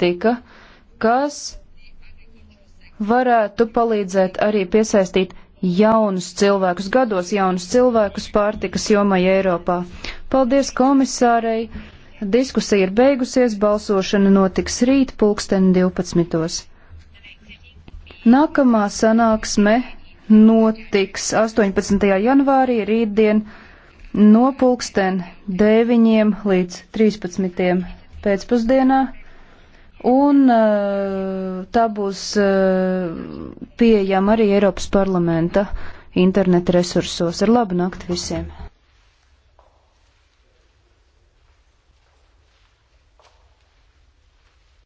politika, kas varētu palīdzēt arī piesaistīt jaunus cilvēkus, gados jaunus cilvēkus pārtikas jomai Eiropā. Paldies komisārei! Diskusija ir beigusies, balsošana notiks rīt pulksten 12. Nākamā sanāksme notiks 18. janvārī rītdien no pulksten 9 līdz 13. pēcpusdienā un uh, tā būs uh, pieejama arī Eiropas parlamenta interneta resursos. Ar labu nakti visiem!